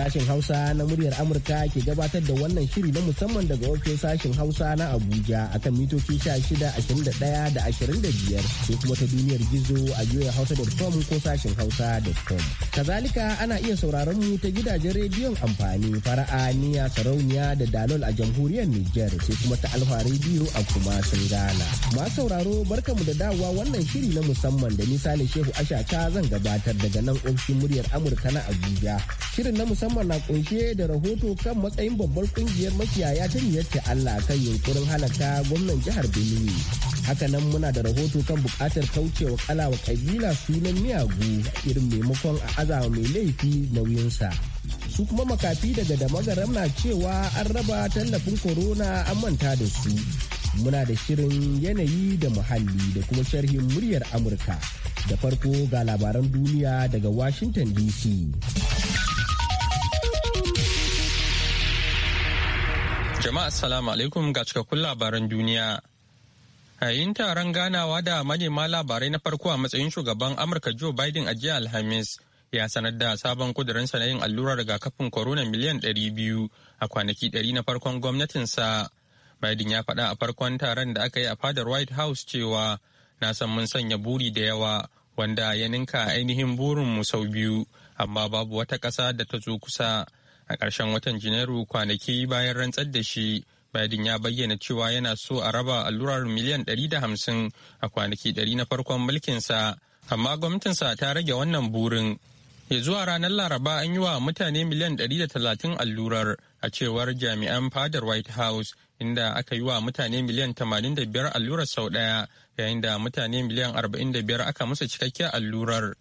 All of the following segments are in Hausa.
Sashen Hausa na muryar Amurka ke gabatar da wannan shiri na musamman daga ofishin sashen Hausa na Abuja akan mitoci 16, da 25 sai kuma ta duniyar gizo a juya hausa da fom ko sashen hausa Hausa.com. Kazalika ana iya sauraron mu ta gidajen rediyon amfani fara'a niya sarauniya da dalol a jamhuriyar Nijar sai kuma ta alfa rediyo a kuma sun gana. Ma sauraro barkamu da dawowa wannan shiri na musamman da misali Shehu Ashaka zan gabatar daga nan ofishin muryar Amurka na Abuja. Shirin na musamman musamman na kunshe da rahoto kan matsayin babbar kungiyar makiyaya ta niyyar Allah kan yunkurin halaka gwamnan jihar Benue. Hakanan muna da rahoto kan bukatar kaucewa kalawa kabila sunan miyagu irin maimakon a azawa mai laifi nauyinsa. Su kuma makafi daga da damagaram na cewa an raba tallafin korona an manta da su. Muna da shirin yanayi da muhalli da kuma sharhin muryar Amurka. Da farko ga labaran duniya daga Washington DC. Jama'a Assalamu alaikum ga cikakkun labaran duniya. Yayin taron ganawa da manema labarai na farko a matsayin shugaban Amurka Joe Biden a jiya Alhamis ya sanar da sabon kudurinsa na yin allurar rigakafin corona miliyan biyu a kwanaki ɗari na farkon gwamnatinsa. Biden ya faɗa a farkon taron da aka yi a fadar White House cewa na san mun sanya buri da yawa wanda ya ninka ainihin burinmu sau biyu amma babu wata ƙasa da ta zo kusa a ƙarshen watan janairu kwanaki bayan rantsar da shi biden ya bayyana cewa yana so a raba allurar miliyan ɗari da hamsin a kwanaki ɗari na farkon mulkinsa amma gwamnatinsa ta rage wannan burin ya zuwa ranar laraba an yi wa mutane miliyan talatin allurar a cewar jami'an fadar white house inda aka yi wa mutane miliyan 85 allurar sau ɗaya yayin da mutane miliyan biyar aka musu cikakkiyar allurar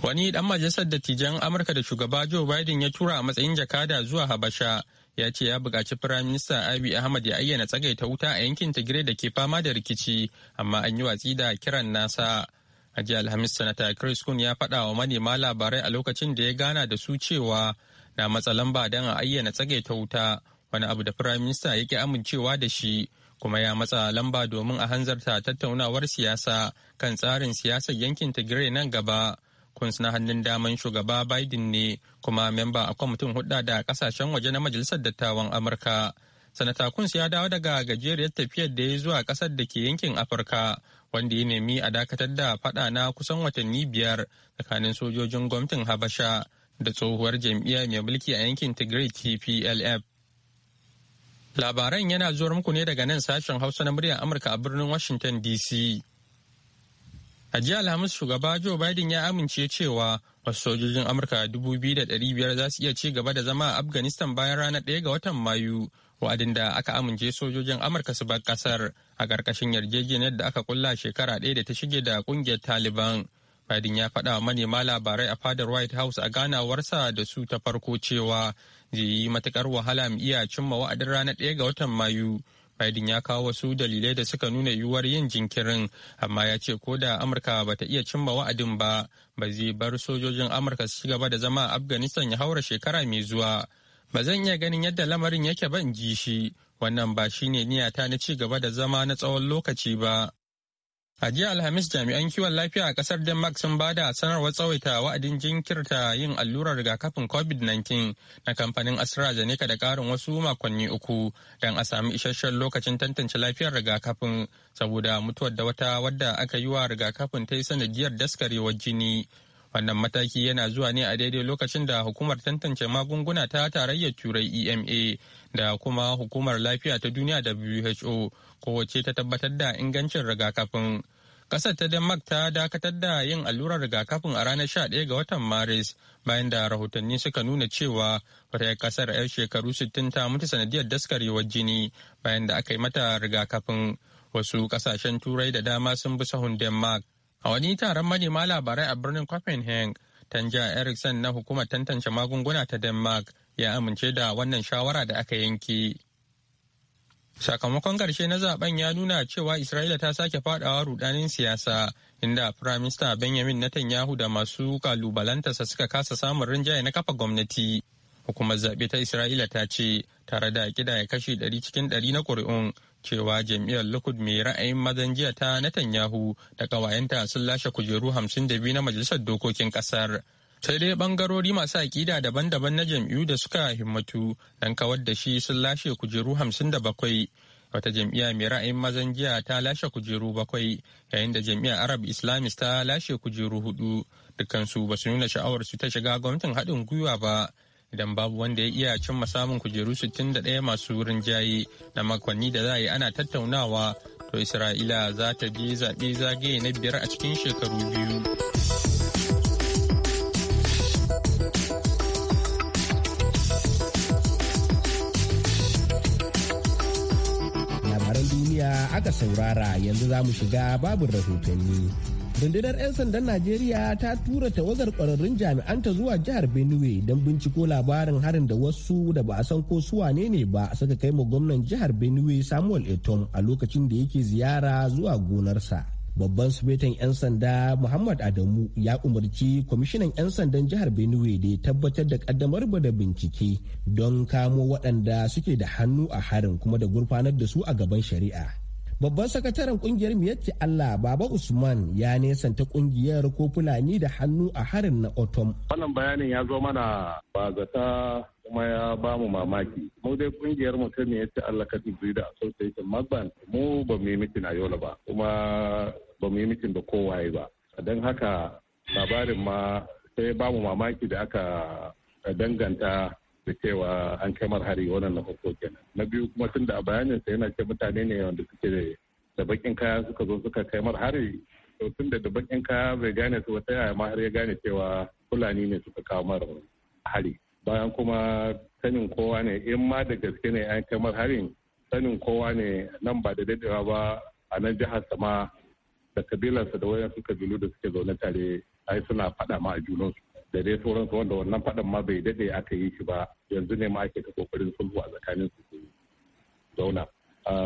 Wani dan majalisar dattijan Amurka da shugaba Joe Biden ya tura a matsayin jakada zuwa Habasha ya ce ya buƙaci firaminista Minista Abiy Ahmad ya ayyana tsagaita wuta a yankin Tigray da ke fama da rikici, amma an yi watsi da kiran nasa. A jiya Alhamis Sanata Chris Kun ya faɗa wa manema labarai a lokacin da ya gana da su cewa na matsa lamba don a ayyana tsagaita wuta wani abu da firaminista Minista ya ƙi amincewa da shi. kuma ya matsa lamba domin a hanzarta tattaunawar siyasa kan tsarin siyasar yankin Tigray nan gaba. Coons na hannun daman shugaba Biden ne kuma memba a kwamitin hudda da kasashen waje na Majalisar Dattawan Amurka. Sanata Coons ya dawo daga gajeriyar tafiyar da ya zuwa kasar da ke yankin Afirka wanda ya nemi a dakatar da fada na kusan watanni biyar tsakanin sojojin gwamnatin Habasha da tsohuwar jam'iyyar mai mulki a yankin Tigray TPLF. Labaran yana zuwar muku ne daga nan sashen Hausa na muryar Amurka a birnin Washington DC. A jiya Alhamis shugaba Joe Biden ya amince cewa wasu sojojin Amurka 2,500 za su iya ci gaba da zama a Afghanistan bayan ranar 1 ga watan Mayu, wa'adin da aka amince sojojin Amurka su bar kasar a ƙarƙashin yarjejeniyar da aka kulla shekara ɗaya da ta shige da ƙungiyar Taliban. Biden ya faɗa wa manema labarai a fadar White House a ganawarsa da su ta farko cewa zai yi matuƙar wahala mu iya cimma wa'adin ranar 1 ga watan Mayu. Biden ya kawo wasu dalilai da suka nuna yiwuwar yin jinkirin, amma ya ce ko da Amurka ba ta iya cimma wa'adin ba, ba zai bar sojojin Amurka su gaba da zama a Afghanistan ya haura shekara mai zuwa. Ba zan iya ganin yadda lamarin yake ban ji shi, wannan ba shine niyata na ci gaba da zama na tsawon lokaci ba. A jiya Alhamis jami'an kiwon lafiya a kasar Denmark sun ba da sanarwar tsawaita wa'adin jinkirta yin allurar rigakafin COVID-19 na kamfanin AstraZeneca da karin wasu makonni uku don a sami isasshen lokacin tantance lafiyar rigakafin saboda mutuwar da wata wadda aka yi wa rigakafin ta yi sanadiyar daskarewar jini. Wannan mataki yana zuwa ne a daidai lokacin da hukumar tantance magunguna ta tarayyar Turai EMA da kuma hukumar lafiya ta duniya WHO kowace ta tabbatar da ingancin rigakafin. Ƙasar ta Denmark ta dakatar da yin allurar rigakafin a ranar 11 ga watan Maris bayan da rahotanni suka nuna cewa wata kasar 'yar shekaru 60 ta mutu sanadiyar daskarewar jini bayan da aka yi mata rigakafin. Wasu ƙasashen Turai da dama sun bi sahun Denmark. A wani taron manema labarai a birnin Copenhagen, Tanja Eriksson na hukumar tantance magunguna ta Denmark ya amince da wannan shawara da aka yanke. Sakamakon ƙarshe na zaben ya nuna cewa Isra'ila ta sake fadawa rudanin siyasa inda Firaminista Benjamin Netanyahu da masu kalubalantarsa suka kasa samun rinjaye na kafa gwamnati. Hukumar zaɓe ta Isra'ila ta ce tare da ya kashe ɗari cikin ɗari na ƙuri'un cewa jam'iyyar Likud mai ra'ayin mazan jiya ta Netanyahu da ƙawayenta sun lashe kujeru hamsin da biyu na majalisar dokokin ƙasar. sai dai bangarori masu aƙida daban-daban na jam'iyyu da suka himmatu don kawar da shi sun lashe kujeru hamsin da bakwai wata jam'iyya mai ra'ayin mazan jiya ta lashe kujeru bakwai yayin da jam'iyyar arab islamist ta lashe kujeru hudu dukansu ba su nuna sha'awar su ta shiga gwamnatin haɗin gwiwa ba idan babu wanda ya iya cimma samun kujeru sittin da 61 masu wurin jaye na makonni da za a yi ana tattaunawa to isra'ila za ta bi zaɓe zagaye na biyar a cikin shekaru biyu. aka saurara yanzu za mu shiga babu rahotanni. Rundunar 'yan sandan Najeriya ta tura tawagar kwararrun jami'anta zuwa jihar Benue don binciko labarin harin da wasu da ba a san ko su wane ne ba suka kai ma gwamnan jihar Benue Samuel Etom a lokacin da yake ziyara zuwa gonarsa. Babban sufetan 'yan sanda Muhammad Adamu ya umarci kwamishinan 'yan sandan jihar Benue da ya tabbatar da kaddamar da bincike don kamo waɗanda suke da hannu a harin kuma da gurfanar da su a gaban shari'a. Babban sakataren kungiyar Miyatti Allah Baba Usman ya nesanta kungiyar ko Fulani da hannu a harin na Otom. Wannan bayanin ya zo mana ba zata kuma ya ba mu mamaki. Mu dai kungiyar mu ta Miyatti Allah Kadin da Association Magban mu ba mu yi mitin a Yola ba kuma ba mu yi mitin da kowaye ba. Don haka labarin ma sai ba mu mamaki da aka danganta da cewa an kai hari wannan na farko kenan na biyu kuma tun da bayanin sa yana ce mutane ne wanda suke da bakin kaya suka zo suka kai hari to tun da bakin kaya bai gane su wata yaya ma har ya gane cewa fulani ne suka kawo mara hari bayan kuma sanin kowa ne in ma da gaske ne an kai harin sanin kowa ne nan ba da daɗewa ba a nan jihar sama da kabilarsa da wayansu kabilu da suke zaune tare ai suna faɗa ma a junansu da dai su wanda wannan fadan ma bai daɗe aka yi shi ba yanzu ne ma ake ta kokarin sulhu a tsakanin su zauna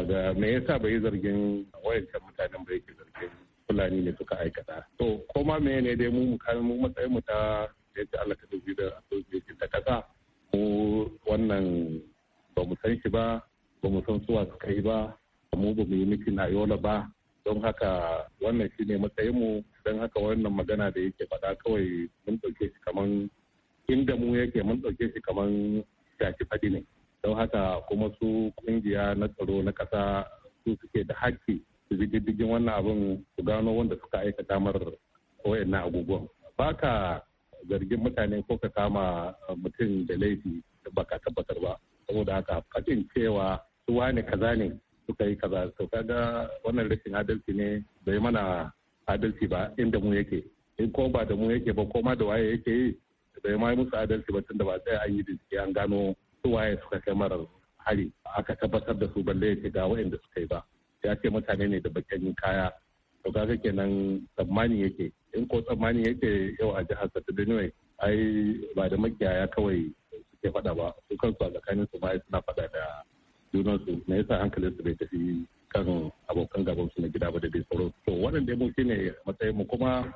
ga me yasa bai yi zargin wayancan mutanen bai yake zargin fulani ne suka aikata to ko ma me ne dai mu mu matsayin mu ta yadda Allah ta dubi da association ta kasa mu wannan ba mu san shi ba ba mu san suwa suka yi ba mu ba mu yi miki na yola ba don haka wannan shine matsayinmu don haka wannan magana da yake faɗa kawai mun ɗauke shi kaman inda mu yake mun ɗauke shi kaman shafi faɗi ne don haka kuma su ƙungiya na tsaro na ƙasa su suke da haƙƙi su bi diddigin wannan abin su gano wanda suka aikata mar na abubuwan baka zargin mutane ko ka kama mutum da laifi baka tabbatar ba saboda haka faɗin cewa su wane kaza ne suka yi kaza to kaga wannan rashin adalci ne bai mana adalci ba inda mu yake in ko ba da mu yake ba ko ma da waye yake yi bai ma musu adalci ba tunda ba sai an yi bincike an gano su waye suka kai marar hari aka tabbatar da su balle ya ga ga waɗanda suka yi ba ya ce mutane ne da bakin kaya to kaga kenan tsammani yake in ko tsammani yake yau a jihar Saturday ai ba da makiyaya kawai suke faɗa ba su kansu a tsakanin su ma suna faɗa da junansu me yasa hankalinsu bai tafi kan abokan gaban su na gida ba da dai sauran to dai mun shine matsayin mu kuma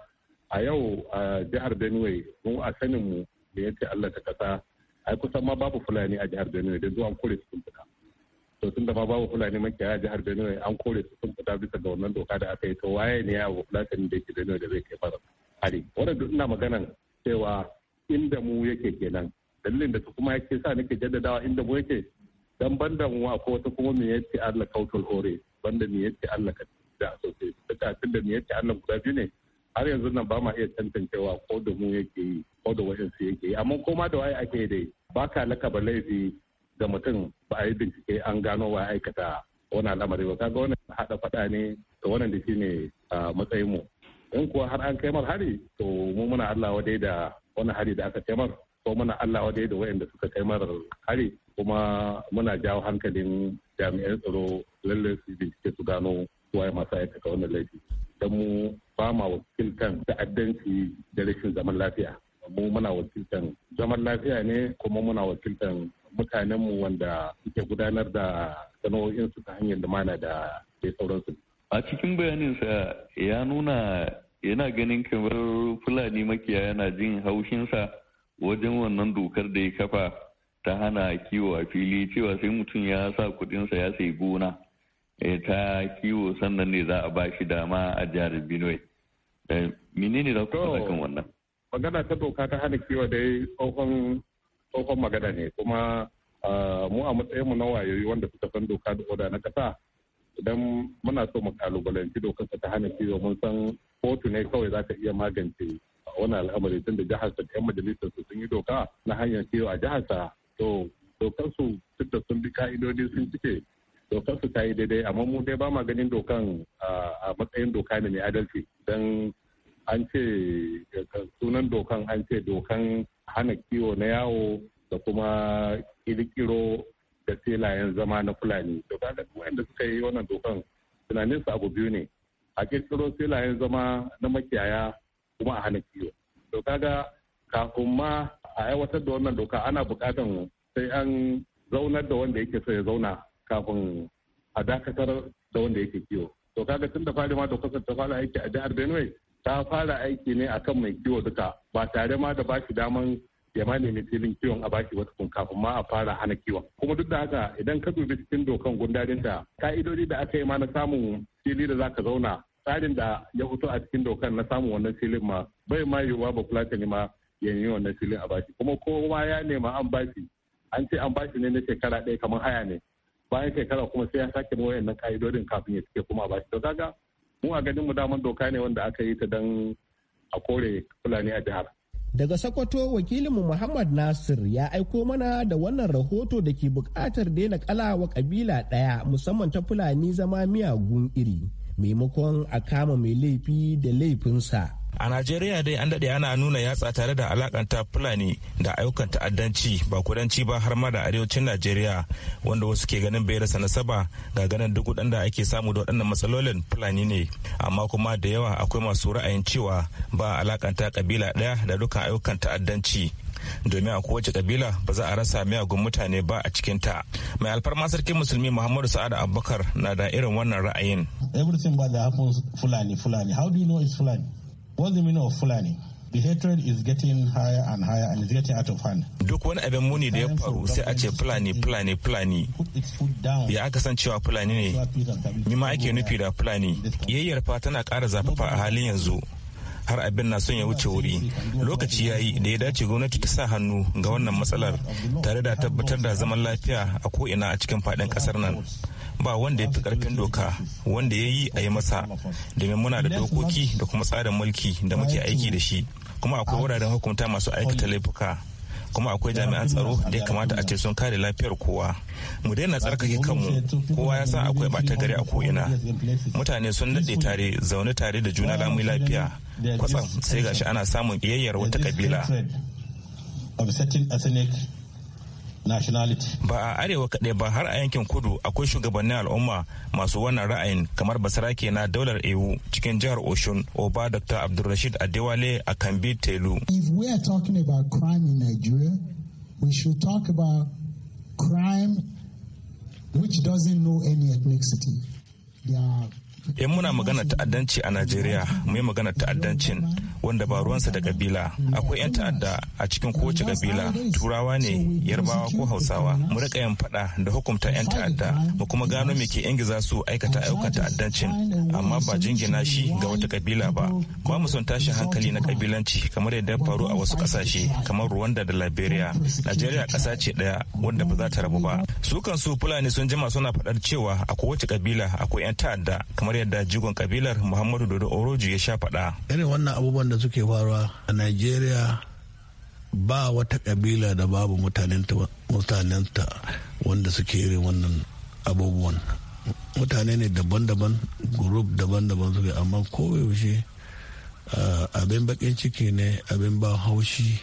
a yau a jihar Benue mu a sanin mu da yace Allah ta kasa ai kusan ma babu fulani a jihar Benue da zuwa an kore su sun fita to tun da ma babu fulani a jihar Benue an kore su sun fita bisa ga wannan doka da aka yi to waye ne ya abu fulani da yake Benue da zai kai fara hari wannan duk ina maganan cewa inda mu yake kenan dalilin da kuma yake sa nake jaddadawa inda mu yake dan banda wa ko wata kuma me yace Allah kautul hore banda me yace Allah ka da sosai duka tun da me yace Allah guda biyu ne har yanzu nan ba ma iya tantancewa ko da mu yake yi ko da su yake yi amma koma da waye ake dai ba ka lakaba laifi ga mutum ba a yi bincike an gano wa aikata wani al'amari ba kaga wannan hada fada ne to wannan da a matsayin mu in kuwa har an kai mar hari to mu muna Allah wadai da wani hari da aka kai mar ko muna Allah wadai da wayanda suka kai mara hari kuma muna jawo hankalin jami'an tsaro lallai su da suke su gano waye masu aikata wannan laifi don mu ba ma wakiltan ta'addanci da rashin zaman lafiya mu muna wakiltan zaman lafiya ne kuma muna wakiltan mutanenmu wanda suke gudanar da sana'o'insu ta hanyar lumana da dai sauransu. A cikin bayaninsa ya nuna yana ganin kamar Fulani makiyaya na jin haushinsa wajen wannan dokar da ya kafa ta hana kiwo a fili cewa sai mutum ya sa kudinsa ya sai gona eh, ta kiwo sannan ne za a ba shi dama a jihar benue eh, menene za ku kan wannan magana ta doka ta hana kiwo dai tsohon magana ne kuma ah, mu a matsayin mu na wayoyi wanda suka san doka da oda na kasa idan muna so mu kalubalanci dokar ta hana kiwo mun san kotu ne kawai za ka iya magance wani al'amari tun da jihar sa yan majalisar su sun yi doka na hanyar kiwo a jihar sa to dokar su duk da sun bi ka'idodi sun cike dokar su ta yi daidai amma mu dai ba ma ganin dokan a matsayin doka ne mai adalci don an ce sunan dokan an ce dokan hana kiwo na yawo da kuma kirkiro da filayen zama na fulani doka kaga wanda suka yi wannan dokan tunanin su abu biyu ne a kirkiro filayen zama na makiyaya kuma a hana kiwo to kaga kafin ma a aiwatar da wannan doka ana bukatan sai an zaunar da wanda yake so ya zauna kafin a dakatar da wanda yake kiwo to kaga tun da fari ma dokar ta fara aiki a jihar Benue ta fara aiki ne akan mai kiwo duka ba tare ma da bashi daman ya ma nemi filin kiwon a bashi wata kun kafin ma a fara hana kiwon kuma duk da haka idan ka dubi cikin dokan gundarin da ka'idodi da aka yi ma na samun fili da zaka zauna tsarin da ya fito a cikin dokar na samun wannan filin ma bai ma yiwuwa ba ta ma ya yi wannan filin a bashi kuma kowa ya nema an bashi an ce an bashi ne na shekara ɗaya kamar haya ne bayan shekara kuma sai ya sake wayan nan ka'idodin kafin ya cike kuma a bashi to kaga mu a ganin mu daman doka ne wanda aka yi ta dan a kore fulani a jihar Daga Sokoto wakilinmu Muhammad Nasir ya aiko mana da wannan rahoto da ke bukatar daina kalawa kabila ɗaya musamman ta Fulani zama miyagun iri. maimakon a kama mai laifi da laifinsa a najeriya dai an daɗe ana nuna yatsa tare da alakanta fulani da ayyukan ta'addanci ba kudanci ba har ma da arewacin najeriya wanda wasu ke ganin bai rasa nasaba ga ganin duk da ake samu da waɗannan matsalolin fulani ne amma kuma da yawa akwai masu ra'ayin cewa ba alakanta kabila ɗaya da dukkan ayyukan ta'addanci domin a kowace kabila ba za a rasa miyagun mutane ba a cikin ta mai alfarma sarkin musulmi muhammadu sa'ad abubakar na da irin wannan ra'ayin everything bad that happens fulani fulani how do you know it's fulani do you know of fulani The hatred is getting higher and higher and it's getting out of hand. Duk wani abin muni da ya faru sai a ce fulani fulani fulani. Ya aka san cewa fulani ne. Mima ake nufi da fulani. Yayyar fa tana ƙara zafafa a halin yanzu. har abin na son ya wuce wuri lokaci ya yi da ya dace gwamnati ta sa hannu ga wannan matsalar tare da tabbatar da zaman lafiya a ko'ina a cikin faɗin ƙasar nan ba wanda ya fi karfin doka wanda ya yi a yi masa domin muna da dokoki da kuma tsarin mulki da muke aiki da shi kuma akwai wuraren hukunta masu aikata laifuka kuma akwai jami'an tsaro da ya kamata a ce sun kare lafiyar kowa mu daina tsarkake kanmu kowa ya san akwai bata gari a ko'ina mutane sun daɗe tare zaune tare da juna lamun lafiya kwatsam sai gashi ana samun ƙiyayyar wata kabila nationality. Ba a arewa kaɗai ba har a yankin kudu akwai shugabannin al'umma masu wannan ra'ayin kamar basarake na daular ewu cikin jihar Oshun Oba Dr. Abdulrashid Adewale a Kambi Telu. If we are talking about crime in Nigeria, we should talk about crime which doesn't know any ethnicity. They are yan eh, muna magana ta'addanci a najeriya mu yi magana ta'addancin wanda ba ruwansa da kabila akwai 'yan ta'adda a cikin kowace kabila turawa ne yarbawa ko hausawa mu rika yan fada da hukumta 'yan ta'adda mu kuma gano me ke ingiza su aikata ayyukan ta'addancin amma ba jingina shi ga wata kabila ba ba mu son tashin hankali na kabilanci kamar yadda faru a wasu kasashe kamar rwanda da liberia najeriya kasa ce daya wanda ba za ta rabu ba su kan su fulani sun jima suna fadar cewa a kowace kabila akwai 'yan ta'adda kamar kamar yadda jigon kabilar muhammadu dodo oroju ya sha faɗa. irin wannan abubuwan da suke faruwa a Najeriya ba wata kabila da babu mutanenta wanda suke irin wannan abubuwan mutane ne daban-daban group daban-daban suke amma koyaushe ah, abin bakin ciki ne abin ba haushi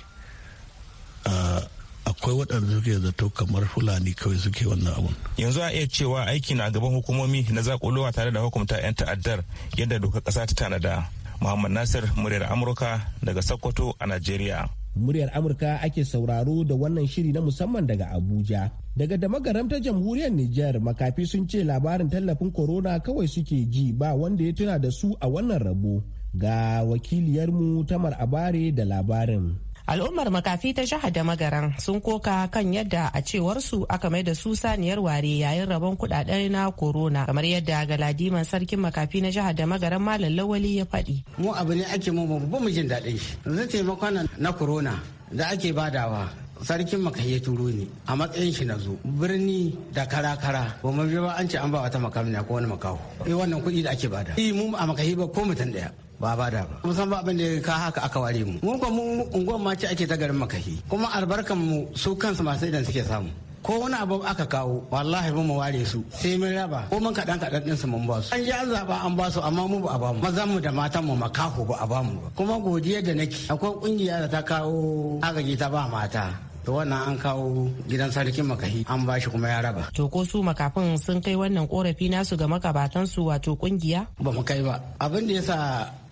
ah, akwai waɗanda suke zato kamar fulani kawai suke wannan abun yanzu a iya cewa aiki na gaban hukumomi na zakulowa tare da hukumta 'yan ta'addar yadda dokar ƙasa ta tanada muhammad nasir muryar amurka daga sokoto a najeriya muryar amurka ake sauraro da wannan shiri na musamman daga abuja daga da ta jamhuriyar niger makafi sun ce labarin tallafin korona kawai suke ji ba wanda ya tuna da su a wannan rabo ga wakiliyarmu tamar abare da labarin al'ummar makafi ta jihar da magaran sun koka kan yadda a cewar su aka mai da su saniyar ware yayin rabon kudaden na corona kamar yadda galadiman sarkin makafi na jihar da magaran malam lawali ya faɗi. mu abu ne ake mu ba mu jin daɗin shi yanzu taimakon na corona da ake badawa sarkin makai ya turo ni a matsayin shi na zo birni da kara-kara ba mu ba an ce an ba wata makamina ko wani makaho eh wannan kuɗi da ake bada eh mu a makahi ba ko mutum daya ba ba da ba musan ba abin da ka haka aka ware mu mun ko mu unguwar ma ce ake ta garin makahi kuma albarkan mu su kansu masu idan suke samu ko wani abu aka kawo wallahi mun mu ware su sai mun raba ko mun kaɗan kaɗan ɗin su mun ba su an ji an zaɓa an ba su amma mu ba a ba mu mazan mu da matan mu makaho ba a ba mu kuma godiya da nake akwai kungiya da ta kawo agaji ta ba mata to wannan an kawo gidan sarkin makahi an bashi kuma ya raba to ko su makafin sun kai wannan korafi nasu ga makabatansu wato kungiya ba mu kai ba abin da ya sa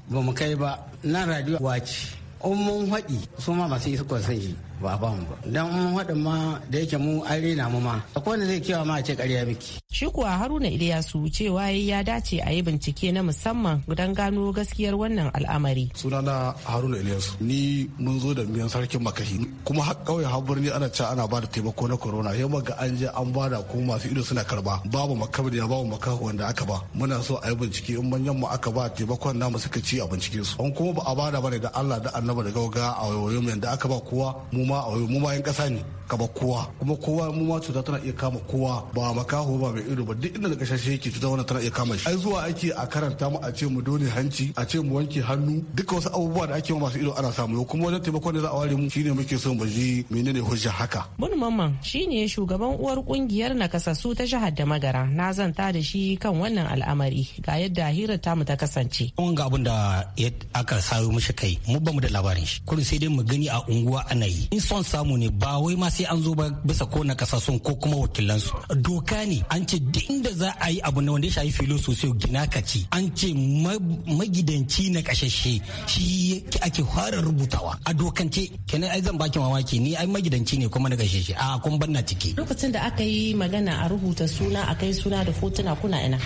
ba mu kai ba nan radio wace in mun haɗi su ma masu iskon sun shi ba ba mu ba dan mun ma da yake mu an rena mu ma akwai wanda zai kewa ma a ce ƙarya miki shi kuwa haruna iliyasu cewa ya dace a yi bincike na musamman don gano gaskiyar wannan al'amari sunana haruna iliyasu ni mun zo da miyan sarkin makahi kuma har ƙauye har birni ana ce ana ba da taimako na corona yau ga an je an bada ko masu ido suna karba babu makabar ya babu makaho wanda aka ba muna so a yi bincike in manyan mu aka ba taimakon namu suka ci a bincike su an kuma ba a bada ba da Allah da annaba da gauga a wayoyin da aka ba kowa mu mu ma a mu bayan ƙasa ne kaba kowa kuma kowa mu ma cuta tana iya kama kowa ba makaho ba mai ido ba duk inda da kashashe yake cuta wannan tana iya kama shi ai zuwa ake a karanta mu a ce mu dole hanci a ce mu wanke hannu duka wasu abubuwa da ake masu ido ana samu kuma wajen taimakon da za a ware mu shine muke son mu ji menene hujja haka mun mamman shine shugaban uwar kungiyar nakasassu ta jihar da magara na zanta da shi kan wannan al'amari ga yadda hirar tamu ta kasance ga abin da aka sayo mishi kai mu bamu da labarin shi kurin sai dai mu gani a unguwa ana yi in son samu ne ba wai ma sai an zo ba bisa ko na ko kuma wakilansu doka ne an ce duk inda za a yi abu na wanda ya shafi filo sosai gina ka ci an ce magidanci na kashashe shi ake fara rubutawa a dokance kenan ai zan baki mamaki ni ai magidanci ne kuma na kashashe a kun banna ciki lokacin da aka yi magana a rubuta suna a kai suna da fotuna kuna ina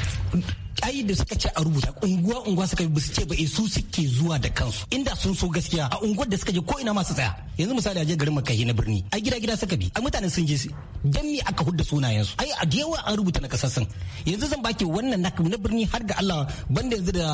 ai da suka ce a rubuta unguwa unguwa suka yi su ce ba eh, su suke zuwa da kansu inda sun so gaskiya a unguwar da suka je ko ina masu tsaya yanzu misali a je garin makahi na birni a gida gida suka bi a mutanen sun je dan me aka hudda sunayensu ai a da yawa an rubuta na kasassun yanzu zan baki wannan na birni har ga Allah banda yanzu da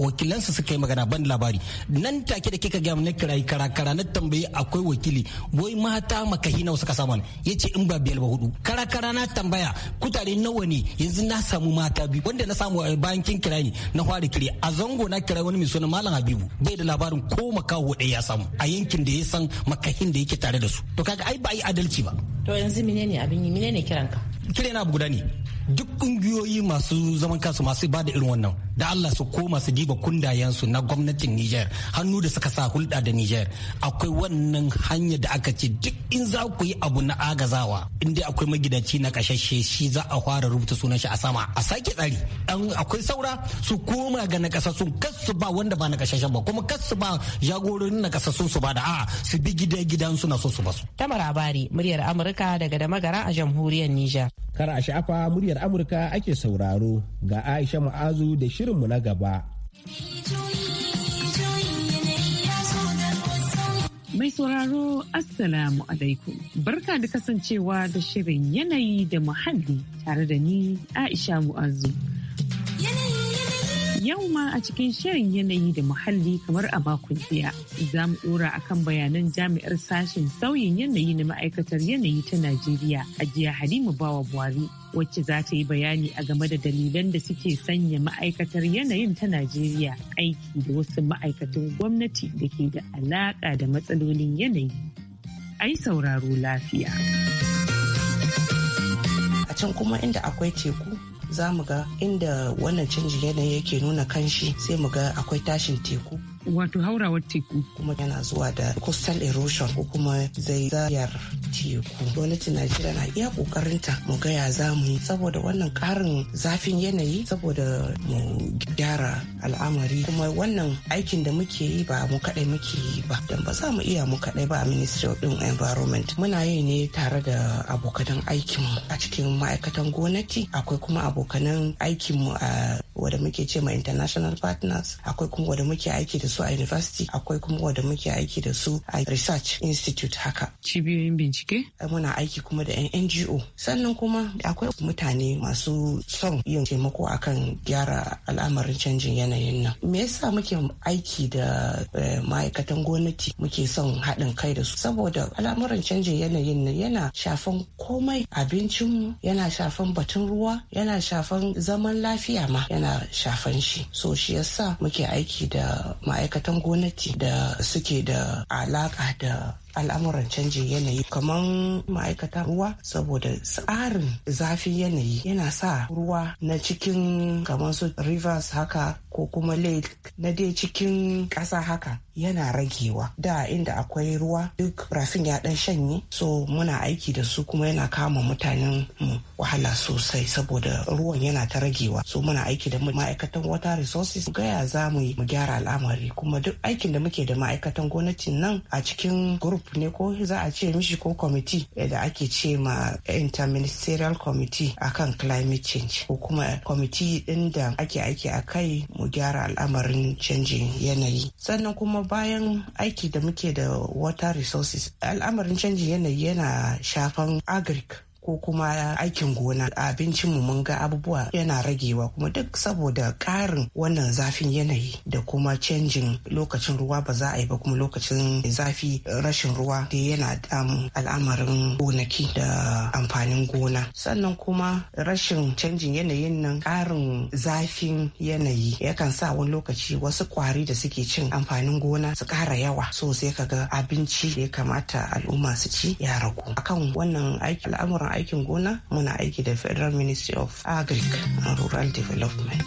wakilansa suka yi magana ban labari nan take da kika ga na kirayi karakara na tambayi akwai wakili wai mata makahi nawa suka samu ya ce in ba biyar ba hudu karakara na tambaya kutare nawa ne yanzu na samu mata biyu wanda na samu eh, bayan kin kira ne na fara kire a zango na kira wani mai suna malam habibu bai da labarin ko makaho ɗaya ya samu a yankin da ya san makahin da yake tare da su to kaga ai ba yi adalci ba to yanzu menene abin yi menene kiranka kire na guda ne duk kungiyoyi masu zaman kansu masu ba da irin wannan da Allah su koma su diba kundayensu na gwamnatin Niger hannu da suka sa hulɗa da Niger akwai wannan hanya da aka ce duk in za ku yi abu na agazawa in dai akwai magidanci na kashashe shi za a fara rubuta sunan shi a sama a sake tsari dan akwai saura su koma ga nakasassun kasu ba wanda ba kashashe ba kuma kasu ba jagororin nakasassun su ba da a su bi gida gidan na so su basu ta Bari muryar Amurka daga da magara a jamhuriyar Niger Kar a sha'afa muryar Amurka ake sauraro ga Aisha ma'azu da shirin shirinmu na gaba. Mai sauraro Assalamu alaikum. Barka da kasancewa da shirin yanayi da muhalli tare da ni Aisha mu'azu. Yau ma a cikin shirin yanayi da muhalli kamar a makon jiya za mu dora akan bayanan jami'ar sashen sauyin yanayi na ma'aikatar yanayi ta Najeriya jiya Halima Bawa Buhari wacce za ta yi bayani a game da dalilan da suke sanya ma'aikatar yanayin ta Najeriya aiki da wasu ma'aikatan gwamnati da ke da alaƙa da matsalolin yanayi. Ai sauraro lafiya. A can kuma inda akwai teku za mu ga inda wannan canjin yanayi yake nuna kanshi sai mu ga akwai tashin teku wato haurawar teku kuma yana zuwa da coastal erosion ko kuma zaizayar teku gwamnatin najeriya na iya kokarinta mu gaya za mu yi saboda wannan karin zafin yanayi saboda mu gyara al'amari kuma wannan aikin da muke yi ba mu kadai muke yi ba don ba za mu iya mu kadai ba a ministry of environment muna yi ne tare da abokanan aikinmu a cikin ma'aikatan gonaki akwai kuma abokanan aikinmu a wanda muke ce ma international partners akwai kuma wada muke aiki da su a university akwai kuma wanda muke aiki da su a research institute haka cibiyoyin bincike muna aiki kuma da ngo sannan kuma akwai mutane masu son yin taimako akan gyara al'amarin canjin yanayin nan me yasa muke aiki da eh, ma'aikatan gwamnati muke son haɗin kai da su saboda al'amarin canjin yanayin nan yana shafan komai abincinmu yana shafan batun ruwa yana shafan zaman lafiya ma yana shafan shi so shi yasa muke aiki da ma'aikatan ma'aikatan gwamnati da suke da alaka da al'amuran canjin yanayi kamar ma'aikatan ruwa saboda tsarin zafin yanayi yana sa ruwa na cikin kamar su rivers haka ko kuma lake na dai cikin ƙasa haka yana ragewa da inda akwai ruwa duk rafin ya dan shanye so muna aiki da su kuma yana kama mutanen mu wahala sosai saboda ruwan yana ta ragewa so muna aiki da ma'aikatan water resources gaya za mu mu gyara al'amari kuma duk aikin da muke da ma'aikatan gwamnatin nan a cikin group ne ko za a ce mishi ko committee eh, da ake ce ma interministerial committee akan climate change ko kuma committee din da ake aiki a kai mu gyara al'amarin canjin yanayi sannan kuma bayan aiki da muke da water resources al'amarin canji yanayi yana shafan agric ko kuma aikin gona abincin mu mun ga abubuwa yana ragewa kuma duk saboda ƙarin wannan zafin yanayi da kuma canjin lokacin ruwa ba za a yi ba kuma lokacin zafi rashin ruwa da yana al'amarin gonaki da amfanin gona sannan kuma rashin canjin yanayin nan ƙarin zafin yanayi yakan sa wani lokaci wasu kwari da suke cin amfanin gona su kara yawa so sai kaga abinci da ya kamata al'umma su ci ya ragu akan wannan aiki al'amuran aikin gona muna aiki da federal ministry of agric and rural development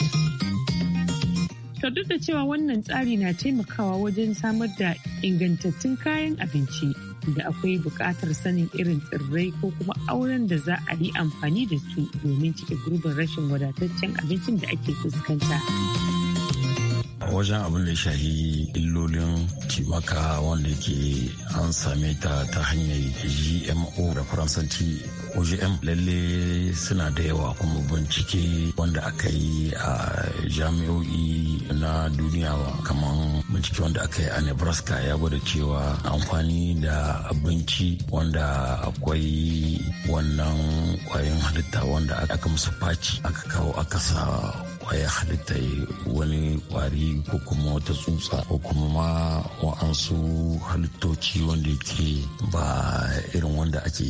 To duk da cewa wannan tsari na taimakawa wajen samar da ingantattun kayan abinci da akwai buƙatar sanin irin tsirrai ko kuma auren da za a yi amfani da su domin cike gurbin rashin wadataccen abincin da ake fuskanta. wajen abin da shahi illolin cibaka wanda ke an same ta ta hanyar gmo da faransanci OGM lalle suna da yawa kuma bincike wanda aka yi a jami'o'i na duniya kamar bincike wanda aka yi a Nebraska ya gwada cewa amfani da abinci wanda akwai wannan kwayoyin halitta wanda aka musu faci aka kawo aka sa kwaya halitta wani kwari ko kuma wata tsutsa ko kuma ma wa'ansu halittoci wanda ke ba irin wanda ake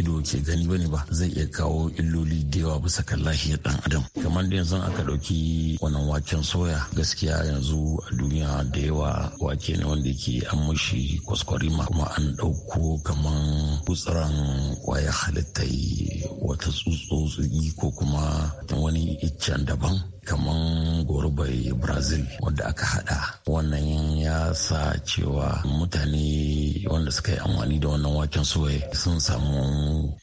ido ke gani bane ba zai iya kawo illoli da yawa bisa kan lafiyar dan adam kamar da yanzu aka ɗauki wannan waken soya gaskiya yanzu a duniya da yawa wake ne wanda ke an mashi kwaskwarima kuma an dauko kaman kutsuran kwaya halittai wata tsutsotsi ko kuma wani iccen daban kaman gorobai brazil wanda aka hada wannan ya sa cewa mutane wanda suka yi amfani da wannan waken soye sun samu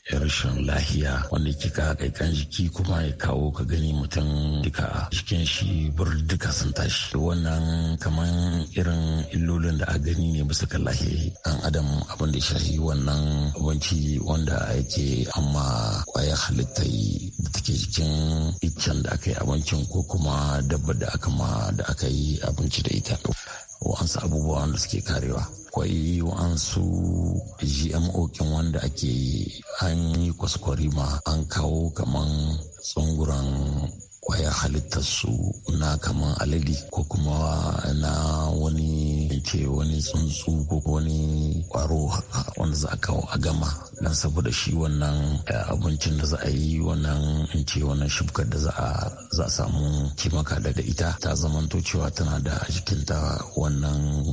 rashin lahiya wanda ke ka kaikan jiki kuma ya kawo ka gani mutum duka jikin shi bur duka sun tashi wannan kaman irin illolin da a gani ne bisa ka lahiya an adam abin da shahi wannan abinci wanda yake amma kwayar halittai da take jikin iccen da aka yi abincin ko kuma dabba da aka ma da aka yi abinci da ita wa'ansu abubuwa da suke karewa kwai wa'ansu gmo kin wanda ake yi an yi kwaskwari ma. an kawo kaman tsunguran kwaya halittarsu na kaman alade ko kuma na wani ce wani tsuntsu ko wani kwaro wanda za a kawo a gama don saboda shi wannan eh, abincin da za a yi wannan in ce wannan shubkar da za a samu kimaka daga ita ta zamanto cewa tana da jikinta wannan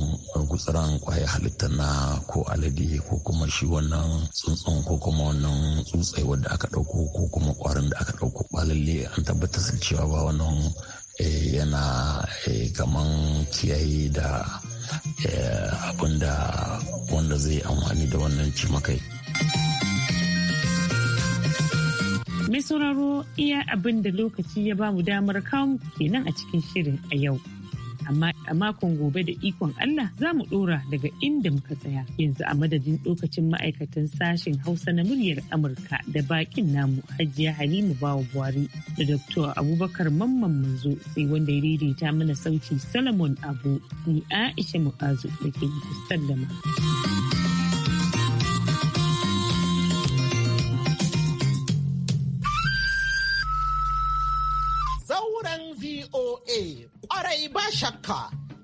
gutsuran kwaya halitta na ko alade ko kuma shi wannan tsuntsun ko kuma wannan tsutsai wadda aka ɗauko ko kuma kwarin da aka ɗauko ba lalle an tabbatar cewa ba wannan eh, yana eh, kamar kiyaye da Eh, abinda wanda zai amfani da wannan cimakai. Mai sauraro iya abin da lokaci ya bamu damar kawo kenan a cikin shirin a yau. amma a makon gobe da ikon Allah za mu ɗora daga inda muka tsaya yanzu a madadin lokacin ma'aikatan sashen Hausa na muryar Amurka da bakin namu Hajiya Halima Bawa Buhari da Dr. Abubakar Mamman Manzo sai wanda ya daidaita mana sauti Solomon Abu ni Aisha Mu'azu da ke sallama. kwarai ba shakka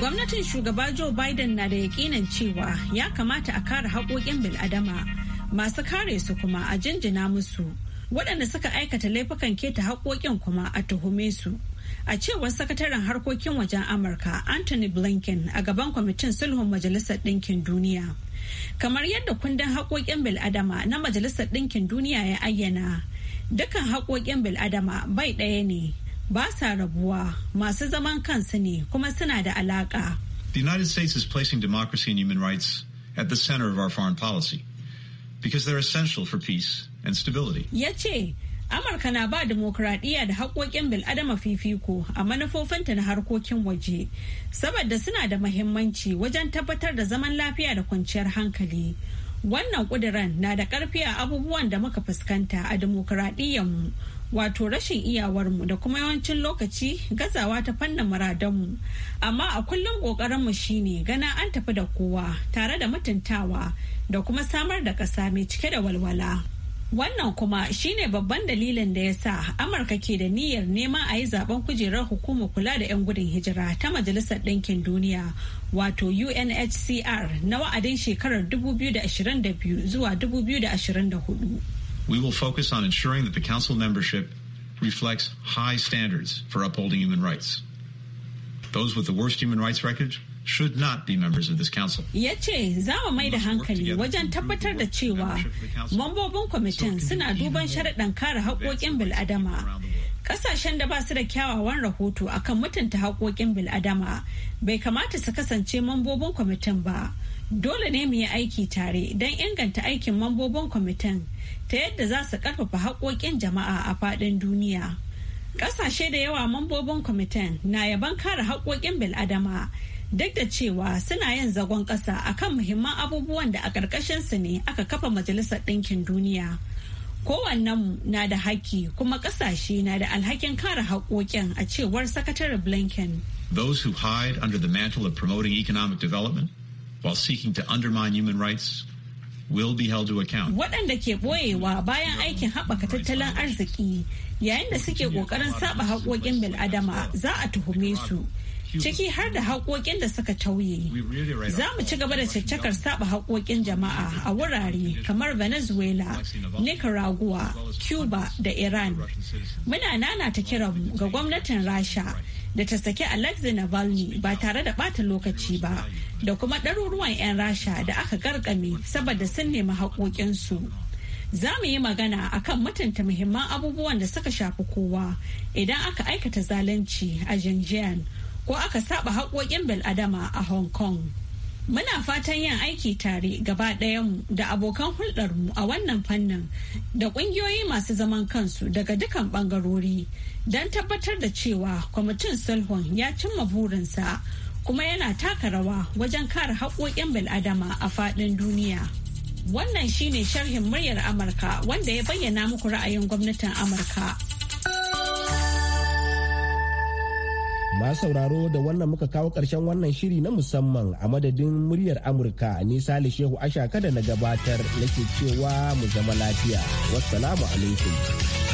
Gwamnatin shugaba Joe Biden na da yakinan cewa ya kamata a kare haƙoƙin bil'adama masu kare su kuma a jinjina musu. Waɗanda suka aikata laifukan keta haƙoƙin kuma a tuhume su. A cewar sakataren harkokin wajen Amurka Anthony Blinken a gaban kwamitin sulhun Majalisar Ɗinkin Duniya. Kamar yadda kundin haƙoƙin bil'adama na Majalisar Ɗinkin Duniya ya ayyana, dukkan haƙoƙin bil'adama bai ɗaya ne ba sa rabuwa masu zaman kansu ne kuma suna da alaƙa. The United States is placing democracy and human rights at the center of our foreign policy because they're essential for peace and stability. Ya ce, Amurka na ba demokuraɗiyya da haƙoƙin bil'adama fifiko a manufofinta na harkokin waje, saboda suna da mahimmanci wajen tabbatar da zaman lafiya da kwanciyar hankali. Wannan ƙuduran na da ƙarfi a abubuwan da muka fuskanta a mu wato rashin iyawarmu da kuma yawancin lokaci gazawa ta fannin muradanmu amma a kullum ƙoƙarinmu shine gana an tafi da kowa tare da mutuntawa da kuma samar da ƙasa mai cike da walwala wannan kuma shine babban dalilin da ya sa amurka ke da niyyar neman a yi zaben kujerar hukumar kula da 'yan gudun hijira ta majalisar ɗinkin duniya wato unhcr na wa'adin shekarar 2022 zuwa 2024 We will focus on ensuring that the council membership reflects high standards for upholding human rights. Those with the worst human rights record should not be members of this council. Ya ce mai da hankali wajen tabbatar da cewa mambobin kwamitin suna duban sharaɗin kare haƙoƙin bil'adama. Ƙasashen da ba su da kyawawan rahoto akan mutunta haƙoƙin bil'adama bai kamata su kasance mambobin kwamitin ba. dole ne mu yi aiki tare don inganta aikin mambobin kwamitin ta yadda za su karfafa haƙoƙin jama'a a faɗin duniya. Ƙasashe da yawa mambobin kwamitin na yaban kare haƙoƙin bil'adama duk da cewa suna yin zagon ƙasa akan muhimman abubuwan da a su ne aka kafa majalisar ɗinkin duniya. Kowannenmu na da haƙƙi kuma ƙasashe na da alhakin kare haƙoƙin a cewar Sakatare Blinken. Those who hide under the mantle of promoting economic development while seeking to undermine human rights will be held to account. Waɗanda ke ɓoyewa bayan aikin haɓaka tattalin arziki yayin da suke ƙoƙarin saɓa haƙoƙin bil'adama za a tuhume su. ciki har da haƙoƙin da suka tauye. Za mu ci gaba da caccakar saɓa haƙoƙin jama'a a wurare kamar Venezuela, Nicaragua, Cuba da Iran. Muna nana ta kiranmu ga gwamnatin Rasha da ta saki Alexei Navalny ba tare da bata lokaci ba da kuma ɗaruruwan 'yan rasha da aka garkame saboda sun nemi haƙoƙinsu. Za mu yi magana a kan mutunta muhimman abubuwan da suka shafi kowa idan aka aikata zalunci a Xinjiang ko aka saba haƙoƙin bil'adama a Hong Kong. Muna fatan yin aiki tare gaba ɗayanmu da abokan hulɗarmu a wannan fannin da ƙungiyoyi masu zaman kansu daga dukan ɓangarori don tabbatar da cewa kwamitin sulhun ya cimma burinsa kuma yana taka rawa wajen kare haƙoƙin bil'adama a faɗin duniya. Wannan shine sharhin muryar Amurka wanda ya bayyana muku ra'ayin gwamnatin Amurka. Ma sauraro da wannan muka kawo ƙarshen wannan shiri na musamman a madadin muryar Amurka ni Sale Shehu Ashaka da na gabatar nake cewa mu zama lafiya. Wassalamu alaikum.